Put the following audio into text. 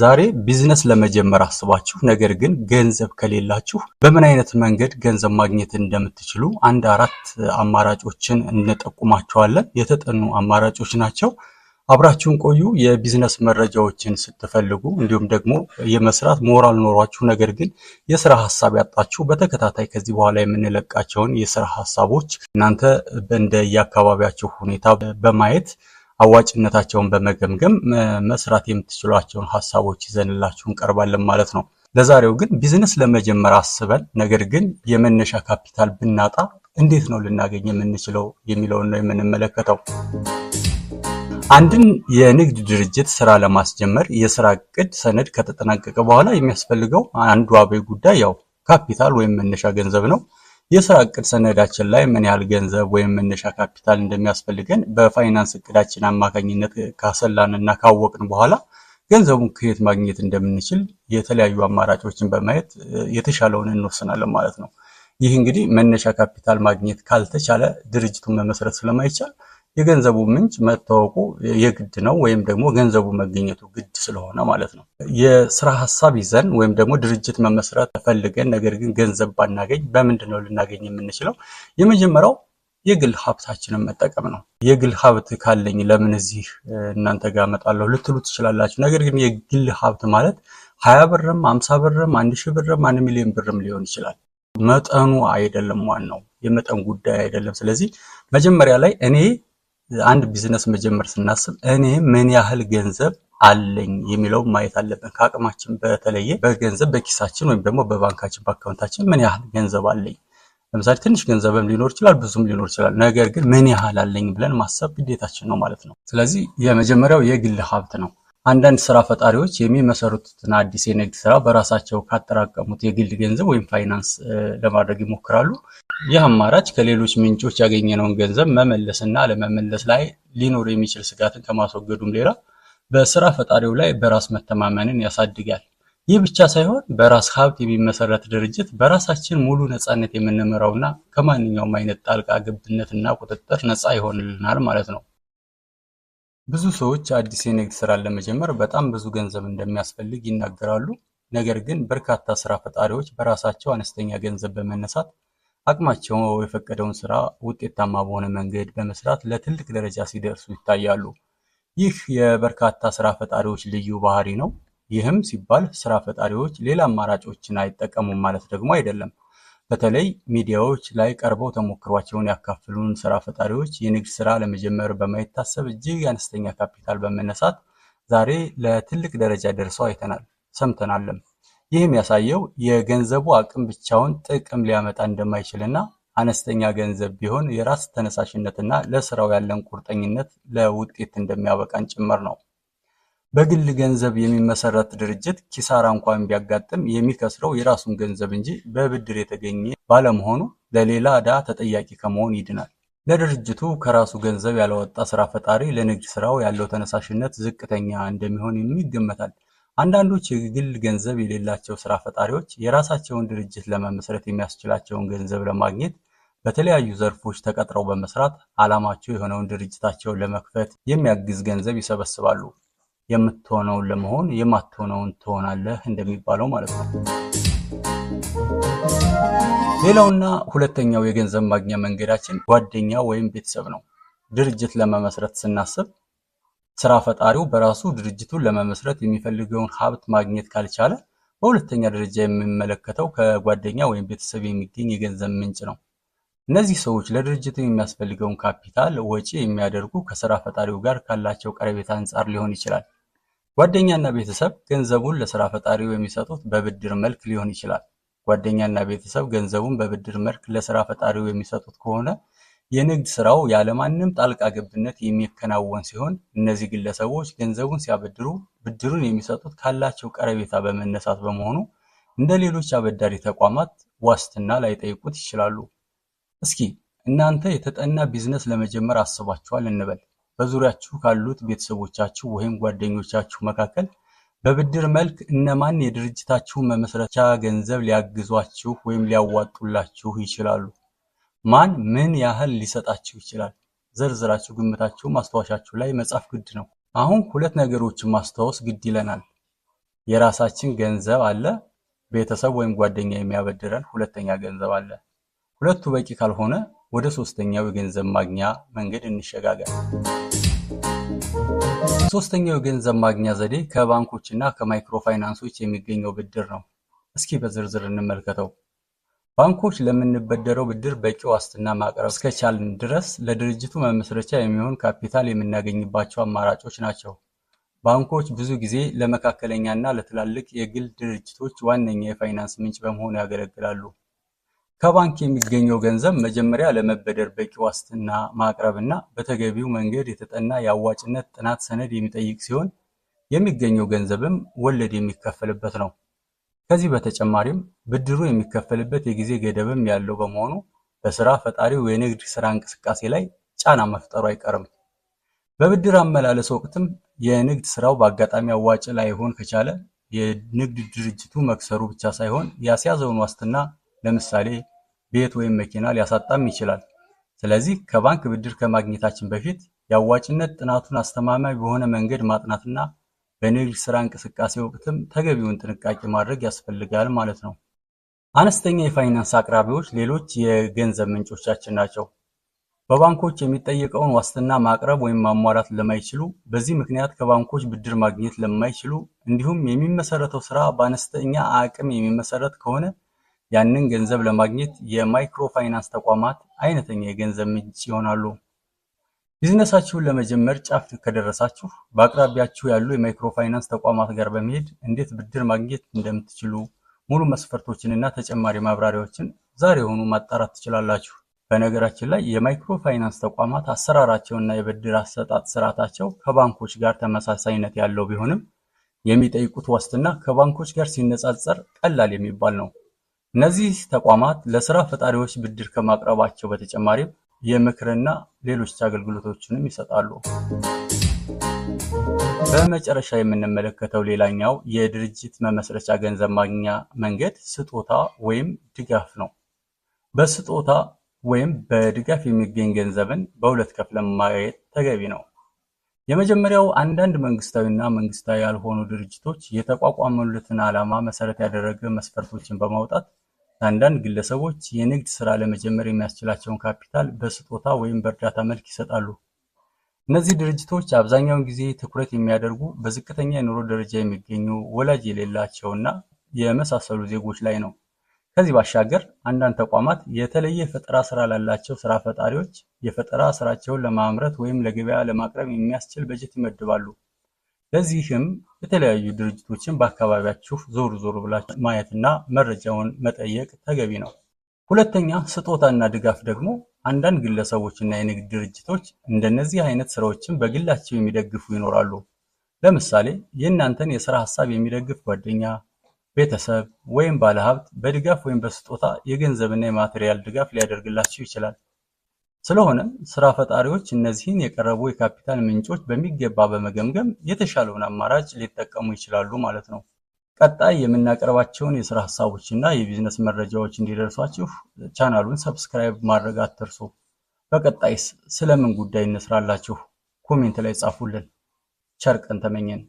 ዛሬ ቢዝነስ ለመጀመር አስባችሁ ነገር ግን ገንዘብ ከሌላችሁ በምን አይነት መንገድ ገንዘብ ማግኘት እንደምትችሉ አንድ አራት አማራጮችን እንጠቁማችኋለን። የተጠኑ አማራጮች ናቸው። አብራችሁን ቆዩ። የቢዝነስ መረጃዎችን ስትፈልጉ እንዲሁም ደግሞ የመስራት ሞራል ኖሯችሁ ነገር ግን የስራ ሀሳብ ያጣችሁ በተከታታይ ከዚህ በኋላ የምንለቃቸውን የስራ ሀሳቦች እናንተ በእንደ ሁኔታ በማየት አዋጭነታቸውን በመገምገም መስራት የምትችሏቸውን ሀሳቦች ይዘንላችሁ እንቀርባለን ማለት ነው። ለዛሬው ግን ቢዝነስ ለመጀመር አስበን ነገር ግን የመነሻ ካፒታል ብናጣ እንዴት ነው ልናገኝ የምንችለው የሚለውን ነው የምንመለከተው። አንድን የንግድ ድርጅት ስራ ለማስጀመር የስራ እቅድ ሰነድ ከተጠናቀቀ በኋላ የሚያስፈልገው አንዱ አበይ ጉዳይ ያው ካፒታል ወይም መነሻ ገንዘብ ነው። የስራ እቅድ ሰነዳችን ላይ ምን ያህል ገንዘብ ወይም መነሻ ካፒታል እንደሚያስፈልገን በፋይናንስ እቅዳችን አማካኝነት ካሰላን እና ካወቅን በኋላ ገንዘቡን ከየት ማግኘት እንደምንችል የተለያዩ አማራጮችን በማየት የተሻለውን እንወስናለን ማለት ነው። ይህ እንግዲህ መነሻ ካፒታል ማግኘት ካልተቻለ ድርጅቱን መመስረት ስለማይቻል የገንዘቡ ምንጭ መታወቁ የግድ ነው፣ ወይም ደግሞ ገንዘቡ መገኘቱ ግድ ስለሆነ ማለት ነው። የስራ ሀሳብ ይዘን ወይም ደግሞ ድርጅት መመስረት ፈልገን ነገር ግን ገንዘብ ባናገኝ በምንድን ነው ልናገኝ የምንችለው? የመጀመሪያው የግል ሀብታችንን መጠቀም ነው። የግል ሀብት ካለኝ ለምን እዚህ እናንተ ጋር እመጣለሁ ልትሉ ትችላላችሁ። ነገር ግን የግል ሀብት ማለት ሀያ ብርም አምሳ ብርም አንድ ሺህ ብርም አንድ ሚሊዮን ብርም ሊሆን ይችላል። መጠኑ አይደለም ዋናው፣ የመጠን ጉዳይ አይደለም። ስለዚህ መጀመሪያ ላይ እኔ አንድ ቢዝነስ መጀመር ስናስብ እኔ ምን ያህል ገንዘብ አለኝ የሚለው ማየት አለብን። ከአቅማችን በተለየ በገንዘብ በኪሳችን ወይም ደግሞ በባንካችን በአካውንታችን ምን ያህል ገንዘብ አለኝ። ለምሳሌ ትንሽ ገንዘብም ሊኖር ይችላል፣ ብዙም ሊኖር ይችላል። ነገር ግን ምን ያህል አለኝ ብለን ማሰብ ግዴታችን ነው ማለት ነው። ስለዚህ የመጀመሪያው የግል ሀብት ነው። አንዳንድ ስራ ፈጣሪዎች የሚመሰርቱትን አዲስ የንግድ ስራ በራሳቸው ካጠራቀሙት የግል ገንዘብ ወይም ፋይናንስ ለማድረግ ይሞክራሉ። ይህ አማራጭ ከሌሎች ምንጮች ያገኘነውን ገንዘብ መመለስ እና አለመመለስ ላይ ሊኖር የሚችል ስጋትን ከማስወገዱም ሌላ በስራ ፈጣሪው ላይ በራስ መተማመንን ያሳድጋል። ይህ ብቻ ሳይሆን በራስ ሀብት የሚመሰረት ድርጅት በራሳችን ሙሉ ነፃነት የምንመራውና ከማንኛውም አይነት ጣልቃ ገብነትና ቁጥጥር ነፃ ይሆንልናል ማለት ነው። ብዙ ሰዎች አዲስ የንግድ ስራ ለመጀመር በጣም ብዙ ገንዘብ እንደሚያስፈልግ ይናገራሉ። ነገር ግን በርካታ ስራ ፈጣሪዎች በራሳቸው አነስተኛ ገንዘብ በመነሳት አቅማቸው የፈቀደውን ስራ ውጤታማ በሆነ መንገድ በመስራት ለትልቅ ደረጃ ሲደርሱ ይታያሉ። ይህ የበርካታ ስራ ፈጣሪዎች ልዩ ባህሪ ነው። ይህም ሲባል ስራ ፈጣሪዎች ሌላ አማራጮችን አይጠቀሙም ማለት ደግሞ አይደለም። በተለይ ሚዲያዎች ላይ ቀርበው ተሞክሯቸውን ያካፍሉን ስራ ፈጣሪዎች የንግድ ስራ ለመጀመር በማይታሰብ እጅግ አነስተኛ ካፒታል በመነሳት ዛሬ ለትልቅ ደረጃ ደርሰው አይተናል ሰምተናልም። ይህ የሚያሳየው የገንዘቡ አቅም ብቻውን ጥቅም ሊያመጣ እንደማይችልና አነስተኛ ገንዘብ ቢሆን የራስ ተነሳሽነትና ለስራው ያለን ቁርጠኝነት ለውጤት እንደሚያበቃን ጭምር ነው። በግል ገንዘብ የሚመሰረት ድርጅት ኪሳራ እንኳን ቢያጋጥም የሚከስረው የራሱን ገንዘብ እንጂ በብድር የተገኘ ባለመሆኑ ለሌላ ዕዳ ተጠያቂ ከመሆን ይድናል። ለድርጅቱ ከራሱ ገንዘብ ያለወጣ ስራ ፈጣሪ ለንግድ ስራው ያለው ተነሳሽነት ዝቅተኛ እንደሚሆን ይገመታል። አንዳንዶች የግል ገንዘብ የሌላቸው ስራ ፈጣሪዎች የራሳቸውን ድርጅት ለመመስረት የሚያስችላቸውን ገንዘብ ለማግኘት በተለያዩ ዘርፎች ተቀጥረው በመስራት ዓላማቸው የሆነውን ድርጅታቸውን ለመክፈት የሚያግዝ ገንዘብ ይሰበስባሉ። የምትሆነውን ለመሆን የማትሆነውን ትሆናለህ እንደሚባለው ማለት ነው። ሌላውና ሁለተኛው የገንዘብ ማግኛ መንገዳችን ጓደኛ ወይም ቤተሰብ ነው። ድርጅት ለመመስረት ስናስብ ስራ ፈጣሪው በራሱ ድርጅቱን ለመመስረት የሚፈልገውን ሀብት ማግኘት ካልቻለ በሁለተኛ ደረጃ የሚመለከተው ከጓደኛ ወይም ቤተሰብ የሚገኝ የገንዘብ ምንጭ ነው። እነዚህ ሰዎች ለድርጅቱ የሚያስፈልገውን ካፒታል ወጪ የሚያደርጉ ከስራ ፈጣሪው ጋር ካላቸው ቀረቤት አንጻር ሊሆን ይችላል። ጓደኛና ቤተሰብ ገንዘቡን ለስራ ፈጣሪው የሚሰጡት በብድር መልክ ሊሆን ይችላል። ጓደኛና ቤተሰብ ገንዘቡን በብድር መልክ ለስራ ፈጣሪው የሚሰጡት ከሆነ የንግድ ስራው ያለማንም ጣልቃ ገብነት የሚከናወን ሲሆን እነዚህ ግለሰቦች ገንዘቡን ሲያበድሩ ብድሩን የሚሰጡት ካላቸው ቀረቤታ በመነሳት በመሆኑ እንደ ሌሎች አበዳሪ ተቋማት ዋስትና ላይጠይቁት ይችላሉ። እስኪ እናንተ የተጠና ቢዝነስ ለመጀመር አስባችኋል እንበል። በዙሪያችሁ ካሉት ቤተሰቦቻችሁ ወይም ጓደኞቻችሁ መካከል በብድር መልክ እነማን የድርጅታችሁን መመስረቻ ገንዘብ ሊያግዟችሁ ወይም ሊያዋጡላችሁ ይችላሉ? ማን ምን ያህል ሊሰጣችሁ ይችላል? ዘርዝራችሁ ግምታችሁ ማስታወሻችሁ ላይ መጻፍ ግድ ነው። አሁን ሁለት ነገሮችን ማስታወስ ግድ ይለናል። የራሳችን ገንዘብ አለ፣ ቤተሰብ ወይም ጓደኛ የሚያበድረን ሁለተኛ ገንዘብ አለ። ሁለቱ በቂ ካልሆነ ወደ ሶስተኛው የገንዘብ ማግኛ መንገድ እንሸጋገር። ሶስተኛው የገንዘብ ማግኛ ዘዴ ከባንኮችና ከማይክሮ ፋይናንሶች የሚገኘው ብድር ነው። እስኪ በዝርዝር እንመልከተው። ባንኮች ለምንበደረው ብድር በቂ ዋስትና ማቅረብ እስከቻልን ድረስ ለድርጅቱ መመስረቻ የሚሆን ካፒታል የምናገኝባቸው አማራጮች ናቸው። ባንኮች ብዙ ጊዜ ለመካከለኛና ለትላልቅ የግል ድርጅቶች ዋነኛ የፋይናንስ ምንጭ በመሆን ያገለግላሉ። ከባንክ የሚገኘው ገንዘብ መጀመሪያ ለመበደር በቂ ዋስትና ማቅረብ እና በተገቢው መንገድ የተጠና የአዋጭነት ጥናት ሰነድ የሚጠይቅ ሲሆን የሚገኘው ገንዘብም ወለድ የሚከፈልበት ነው። ከዚህ በተጨማሪም ብድሩ የሚከፈልበት የጊዜ ገደብም ያለው በመሆኑ በስራ ፈጣሪው የንግድ ስራ እንቅስቃሴ ላይ ጫና መፍጠሩ አይቀርም። በብድር አመላለስ ወቅትም የንግድ ስራው በአጋጣሚ አዋጭ ላይሆን ከቻለ የንግድ ድርጅቱ መክሰሩ ብቻ ሳይሆን ያስያዘውን ዋስትና ለምሳሌ ቤት ወይም መኪና ሊያሳጣም ይችላል። ስለዚህ ከባንክ ብድር ከማግኘታችን በፊት የአዋጭነት ጥናቱን አስተማማኝ በሆነ መንገድ ማጥናትና በንግድ ስራ እንቅስቃሴ ወቅትም ተገቢውን ጥንቃቄ ማድረግ ያስፈልጋል ማለት ነው። አነስተኛ የፋይናንስ አቅራቢዎች ሌሎች የገንዘብ ምንጮቻችን ናቸው። በባንኮች የሚጠየቀውን ዋስትና ማቅረብ ወይም ማሟላት ለማይችሉ፣ በዚህ ምክንያት ከባንኮች ብድር ማግኘት ለማይችሉ፣ እንዲሁም የሚመሰረተው ስራ በአነስተኛ አቅም የሚመሰረት ከሆነ ያንን ገንዘብ ለማግኘት የማይክሮ ፋይናንስ ተቋማት አይነተኛ የገንዘብ ምንጭ ይሆናሉ። ቢዝነሳችሁን ለመጀመር ጫፍ ከደረሳችሁ በአቅራቢያችሁ ያሉ የማይክሮ ፋይናንስ ተቋማት ጋር በመሄድ እንዴት ብድር ማግኘት እንደምትችሉ ሙሉ መስፈርቶችንና ተጨማሪ ማብራሪያዎችን ዛሬ ዛሬውኑ ማጣራት ትችላላችሁ። በነገራችን ላይ የማይክሮ ፋይናንስ ተቋማት አሰራራቸውና የብድር አሰጣጥ ስርዓታቸው ከባንኮች ጋር ተመሳሳይነት ያለው ቢሆንም የሚጠይቁት ዋስትና ከባንኮች ጋር ሲነጻጸር ቀላል የሚባል ነው። እነዚህ ተቋማት ለስራ ፈጣሪዎች ብድር ከማቅረባቸው በተጨማሪም የምክርና ሌሎች አገልግሎቶችንም ይሰጣሉ። በመጨረሻ የምንመለከተው ሌላኛው የድርጅት መመስረቻ ገንዘብ ማግኛ መንገድ ስጦታ ወይም ድጋፍ ነው። በስጦታ ወይም በድጋፍ የሚገኝ ገንዘብን በሁለት ከፍለን ማየት ተገቢ ነው። የመጀመሪያው አንዳንድ መንግስታዊና መንግስታዊ ያልሆኑ ድርጅቶች የተቋቋሙለትን ዓላማ መሰረት ያደረገ መስፈርቶችን በማውጣት ለአንዳንድ ግለሰቦች የንግድ ስራ ለመጀመር የሚያስችላቸውን ካፒታል በስጦታ ወይም በእርዳታ መልክ ይሰጣሉ። እነዚህ ድርጅቶች አብዛኛውን ጊዜ ትኩረት የሚያደርጉ በዝቅተኛ የኑሮ ደረጃ የሚገኙ ወላጅ የሌላቸውና የመሳሰሉ ዜጎች ላይ ነው። ከዚህ ባሻገር አንዳንድ ተቋማት የተለየ የፈጠራ ስራ ላላቸው ስራ ፈጣሪዎች የፈጠራ ስራቸውን ለማምረት ወይም ለገበያ ለማቅረብ የሚያስችል በጀት ይመድባሉ። ለዚህም የተለያዩ ድርጅቶችን በአካባቢያችሁ ዞር ዞር ብላችሁ ማየትና መረጃውን መጠየቅ ተገቢ ነው። ሁለተኛ፣ ስጦታና ድጋፍ ደግሞ አንዳንድ ግለሰቦችና የንግድ ድርጅቶች እንደነዚህ አይነት ስራዎችን በግላቸው የሚደግፉ ይኖራሉ። ለምሳሌ የእናንተን የስራ ሀሳብ የሚደግፍ ጓደኛ፣ ቤተሰብ ወይም ባለሀብት በድጋፍ ወይም በስጦታ የገንዘብና የማቴሪያል ድጋፍ ሊያደርግላቸው ይችላል። ስለሆነም ስራ ፈጣሪዎች እነዚህን የቀረቡ የካፒታል ምንጮች በሚገባ በመገምገም የተሻለውን አማራጭ ሊጠቀሙ ይችላሉ ማለት ነው። ቀጣይ የምናቀርባቸውን የስራ ሀሳቦች እና የቢዝነስ መረጃዎች እንዲደርሷችሁ ቻናሉን ሰብስክራይብ ማድረግ አትርሱ። በቀጣይስ ስለምን ጉዳይ እንስራላችሁ? ኮሜንት ላይ ጻፉልን። ቸር ቀን ተመኘን።